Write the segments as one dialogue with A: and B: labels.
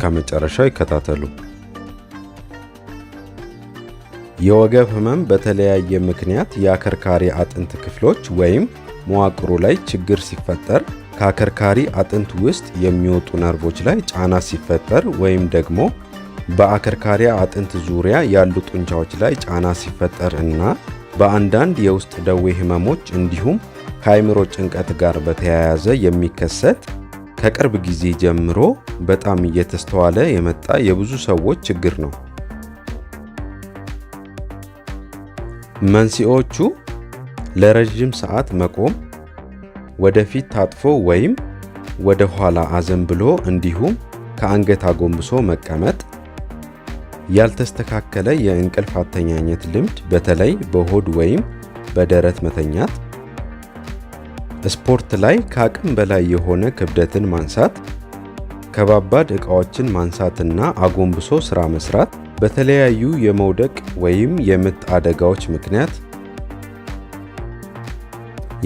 A: እስከ መጨረሻው ይከታተሉ። የወገብ ህመም በተለያየ ምክንያት የአከርካሪ አጥንት ክፍሎች ወይም መዋቅሩ ላይ ችግር ሲፈጠር ከአከርካሪ አጥንት ውስጥ የሚወጡ ነርቮች ላይ ጫና ሲፈጠር ወይም ደግሞ በአከርካሪ አጥንት ዙሪያ ያሉ ጡንቻዎች ላይ ጫና ሲፈጠር እና በአንዳንድ የውስጥ ደዌ ህመሞች እንዲሁም ከአይምሮ ጭንቀት ጋር በተያያዘ የሚከሰት ከቅርብ ጊዜ ጀምሮ በጣም እየተስተዋለ የመጣ የብዙ ሰዎች ችግር ነው። መንስኤዎቹ ለረዥም ሰዓት መቆም፣ ወደፊት ታጥፎ ወይም ወደ ኋላ አዘንብሎ እንዲሁም ከአንገት አጎንብሶ መቀመጥ፣ ያልተስተካከለ የእንቅልፍ አተኛኘት ልምድ፣ በተለይ በሆድ ወይም በደረት መተኛት ስፖርት ላይ ከአቅም በላይ የሆነ ክብደትን ማንሳት፣ ከባባድ ዕቃዎችን ማንሳትና አጎንብሶ ሥራ መሥራት፣ በተለያዩ የመውደቅ ወይም የምት አደጋዎች ምክንያት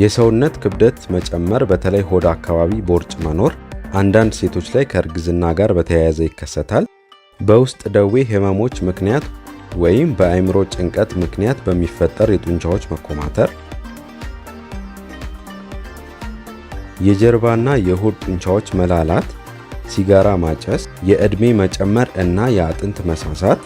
A: የሰውነት ክብደት መጨመር፣ በተለይ ሆድ አካባቢ ቦርጭ መኖር አንዳንድ ሴቶች ላይ ከእርግዝና ጋር በተያያዘ ይከሰታል። በውስጥ ደዌ ህመሞች ምክንያት ወይም በአእምሮ ጭንቀት ምክንያት በሚፈጠር የጡንቻዎች መኮማተር የጀርባና የሆድ ጡንቻዎች መላላት፣ ሲጋራ ማጨስ፣ የዕድሜ መጨመር እና የአጥንት መሳሳት፣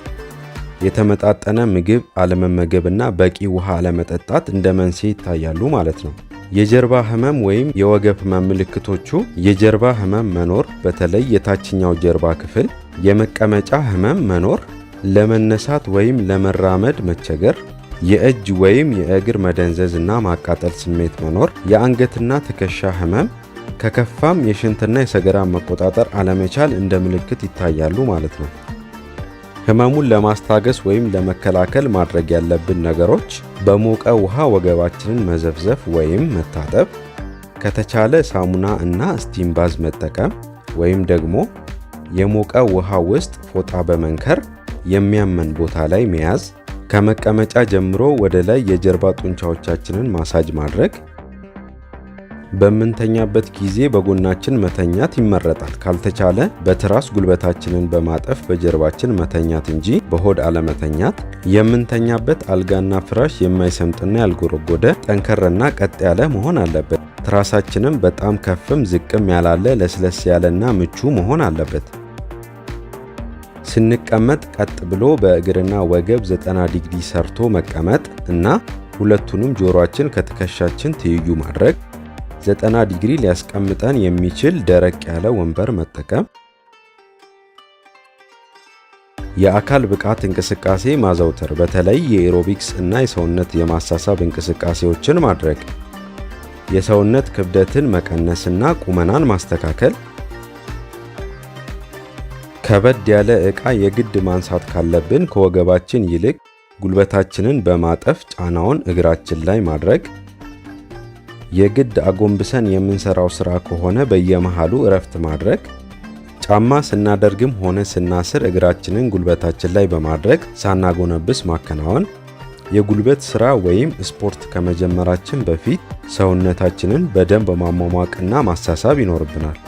A: የተመጣጠነ ምግብ አለመመገብና በቂ ውሃ አለመጠጣት እንደ መንስኤ ይታያሉ ማለት ነው። የጀርባ ህመም ወይም የወገብ ህመም ምልክቶቹ የጀርባ ህመም መኖር፣ በተለይ የታችኛው ጀርባ ክፍል፣ የመቀመጫ ህመም መኖር፣ ለመነሳት ወይም ለመራመድ መቸገር የእጅ ወይም የእግር መደንዘዝ እና ማቃጠል ስሜት መኖር፣ የአንገትና ትከሻ ህመም፣ ከከፋም የሽንትና የሰገራ መቆጣጠር አለመቻል እንደ ምልክት ይታያሉ ማለት ነው። ህመሙን ለማስታገስ ወይም ለመከላከል ማድረግ ያለብን ነገሮች በሞቀ ውሃ ወገባችንን መዘፍዘፍ ወይም መታጠብ፣ ከተቻለ ሳሙና እና ስቲምባዝ መጠቀም ወይም ደግሞ የሞቀ ውሃ ውስጥ ፎጣ በመንከር የሚያመን ቦታ ላይ መያዝ ከመቀመጫ ጀምሮ ወደ ላይ የጀርባ ጡንቻዎቻችንን ማሳጅ ማድረግ። በምንተኛበት ጊዜ በጎናችን መተኛት ይመረጣል። ካልተቻለ በትራስ ጉልበታችንን በማጠፍ በጀርባችን መተኛት እንጂ በሆድ አለመተኛት። የምንተኛበት አልጋና ፍራሽ የማይሰምጥና ያልጎረጎደ ጠንከርና ቀጥ ያለ መሆን አለበት። ትራሳችንም በጣም ከፍም ዝቅም ያላለ ለስለስ ያለና ምቹ መሆን አለበት። ስንቀመጥ ቀጥ ብሎ በእግርና ወገብ 90 ዲግሪ ሰርቶ መቀመጥ እና ሁለቱንም ጆሮአችን ከትከሻችን ትይዩ ማድረግ፣ 90 ዲግሪ ሊያስቀምጠን የሚችል ደረቅ ያለ ወንበር መጠቀም፣ የአካል ብቃት እንቅስቃሴ ማዘውተር፣ በተለይ የኤሮቢክስ እና የሰውነት የማሳሳብ እንቅስቃሴዎችን ማድረግ፣ የሰውነት ክብደትን መቀነስና ቁመናን ማስተካከል ከበድ ያለ ዕቃ የግድ ማንሳት ካለብን ከወገባችን ይልቅ ጉልበታችንን በማጠፍ ጫናውን እግራችን ላይ ማድረግ፣ የግድ አጎንብሰን የምንሰራው ስራ ከሆነ በየመሃሉ እረፍት ማድረግ፣ ጫማ ስናደርግም ሆነ ስናስር እግራችንን ጉልበታችን ላይ በማድረግ ሳናጎነብስ ማከናወን፣ የጉልበት ስራ ወይም ስፖርት ከመጀመራችን በፊት ሰውነታችንን በደንብ ማሟሟቅና ማሳሳብ ይኖርብናል።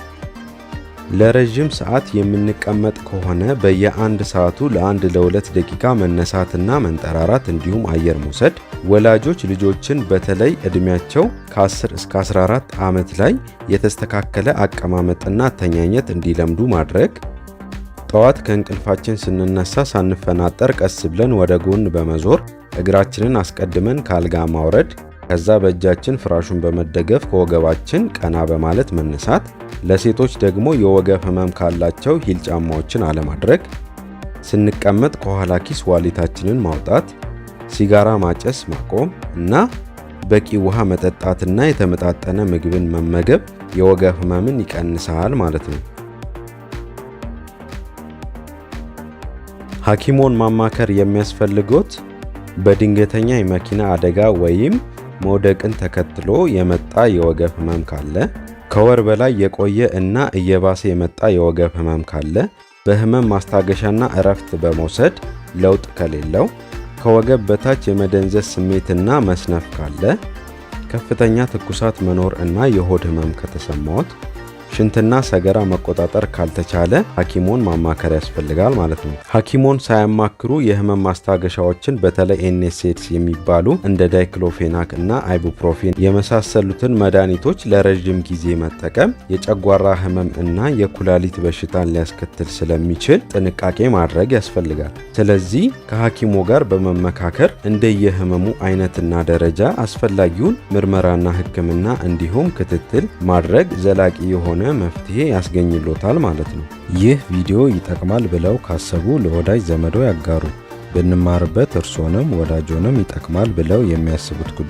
A: ለረዥም ሰዓት የምንቀመጥ ከሆነ በየአንድ ሰዓቱ ለአንድ ለሁለት ደቂቃ መነሳትና መንጠራራት እንዲሁም አየር መውሰድ ወላጆች ልጆችን በተለይ ዕድሜያቸው ከ10 እስከ 14 ዓመት ላይ የተስተካከለ አቀማመጥና አተኛኘት እንዲለምዱ ማድረግ፣ ጠዋት ከእንቅልፋችን ስንነሳ ሳንፈናጠር ቀስ ብለን ወደ ጎን በመዞር እግራችንን አስቀድመን ከአልጋ ማውረድ ከዛ በእጃችን ፍራሹን በመደገፍ ከወገባችን ቀና በማለት መነሳት። ለሴቶች ደግሞ የወገብ ህመም ካላቸው ሂል ጫማዎችን አለማድረግ። ስንቀመጥ ከኋላ ኪስ ዋሌታችንን ማውጣት፣ ሲጋራ ማጨስ ማቆም እና በቂ ውሃ መጠጣትና የተመጣጠነ ምግብን መመገብ የወገብ ህመምን ይቀንሳል ማለት ነው። ሐኪሞን ማማከር የሚያስፈልጎት በድንገተኛ የመኪና አደጋ ወይም መውደቅን ተከትሎ የመጣ የወገብ ህመም ካለ፣ ከወር በላይ የቆየ እና እየባሰ የመጣ የወገብ ህመም ካለ፣ በህመም ማስታገሻና እረፍት በመውሰድ ለውጥ ከሌለው፣ ከወገብ በታች የመደንዘዝ ስሜትና መስነፍ ካለ፣ ከፍተኛ ትኩሳት መኖር እና የሆድ ህመም ከተሰማዎት ሽንትና ሰገራ መቆጣጠር ካልተቻለ ሐኪሞን ማማከር ያስፈልጋል ማለት ነው። ሐኪሞን ሳያማክሩ የህመም ማስታገሻዎችን በተለይ ኤንኤስኤድስ የሚባሉ እንደ ዳይክሎፌናክ እና አይቡፕሮፌን የመሳሰሉትን መድኃኒቶች ለረዥም ጊዜ መጠቀም የጨጓራ ህመም እና የኩላሊት በሽታን ሊያስከትል ስለሚችል ጥንቃቄ ማድረግ ያስፈልጋል። ስለዚህ ከሐኪሞ ጋር በመመካከር እንደየህመሙ አይነትና ደረጃ አስፈላጊውን ምርመራና ህክምና እንዲሁም ክትትል ማድረግ ዘላቂ የሆነ መፍትሄ ያስገኝሎታል ማለት ነው። ይህ ቪዲዮ ይጠቅማል ብለው ካሰቡ ለወዳጅ ዘመዶ ያጋሩ። ብንማርበት እርሶንም ወዳጆንም ይጠቅማል ብለው የሚያስቡት ጉዳይ